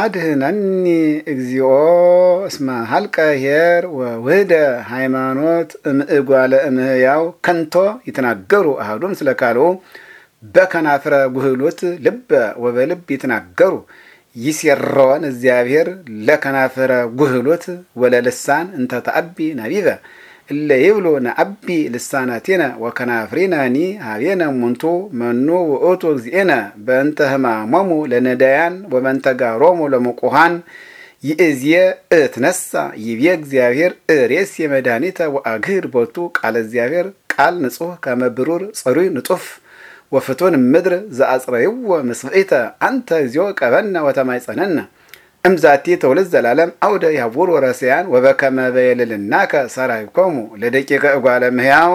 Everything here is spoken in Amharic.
አድህነኒ እግዚኦ እስመ ሀልቀ ሄር ወውህደ ሃይማኖት እምእጓለ እምህያው ከንቶ ይትናገሩ አህዱ ምስለ ካልኡ በከናፍረ ጉህሉት ልበ ወበልብ ይትናገሩ ይሴረወን እግዚአብሔር ለከናፍረ ጉህሉት ወለልሳን እንተ ተአቢ ናቢበ እለ ይብሎ አቢ ልሳናቴነ ወከናፍሪናኒ ሀቤነ ሙንቱ መኑ ውእቱ እግዚእነ በእንተ ህማሞሙ ለነዳያን ወመንተጋሮሙ ለምቁሃን ይእዝየ እትነሳ ይብየ እግዚአብሔር እሬስ የመድኃኒተ ወአግህር ቦቱ ቃል እግዚአብሔር ቃል ንጹህ ከመብሩር ጽሩይ ንጡፍ ወፍቱን ምድር ዘአጽረይዎ ምስብዒተ አንተ እግዚኦ ቀበና ወተማይጸነና እምዛቲ ተውለት ዘላለም አውደ ያቡር ወረስያን ወበከመ በየልልናከ ሰራይኮሙ ለደቂቀ እጓለ ምህያው